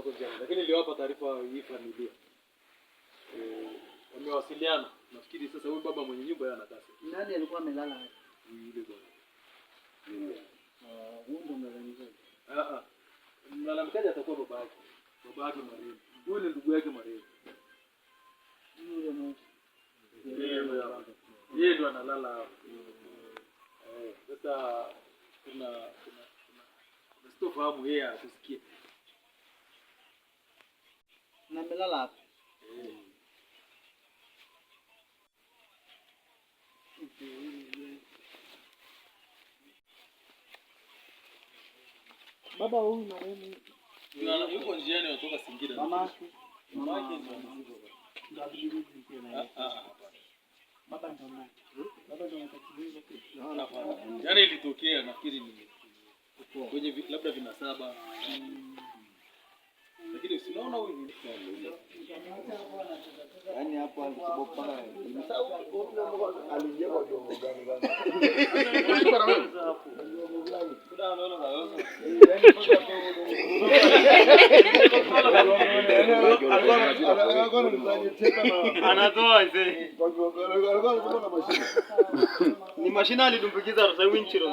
wako njiani, lakini niliwapa taarifa hii familia e, wamewasiliana. Nafikiri sasa huyu baba mwenye nyumba yeye anataka nani alikuwa amelala hapo yule bwana Ah, hmm. oh, huyo ndo mlalamikaji. Ah ah, mlalamikaji atakuwa baba yake, baba yake marehemu. Yule ndugu yake marehemu, yeye ndo analala hapo. Eh, Sasa kuna kuna kuna stofahamu yeye atusikie na amelala hapo. Baba huyu marehemu yuko njiani kutoka Singida. Mama mama Yaani ilitokea nafikiri ni kwenye labda vinasaba, lakini usiona huyu Yaani hapo alipopa alijenga jongo Ni mashina alidumbukiza Rosa Winchiro.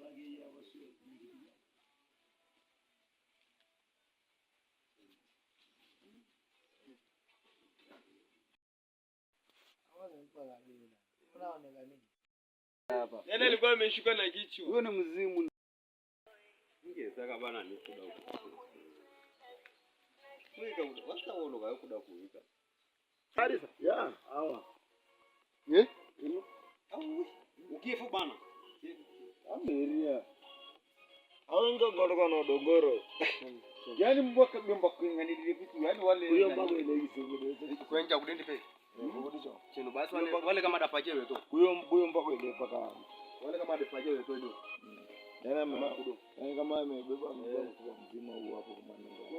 అలాగే ఈ అవశ్య Yana alikuwa ameshuka na kichwa. Huyo ni mzimu. Ningetaka bana nikuda huko. Kuika huko. wolo ga kuda kuika. Harisa. Ya, hawa. Eh? Au ukifu bana. Amberia. Aongo gorgo na dogoro. Yaani mbwaka bimba kuinganilile vitu, yaani wale hiyo mambo ile hizo. Kwenja kudendi pe. Hmm? Kudicho. Chino basi wale wale kama dapaje wewe Huyo huyo mbwaka ile paka. Wale kama dapaje wewe tu ndio. Yaani kama amebeba eh. mzima huo hapo kwa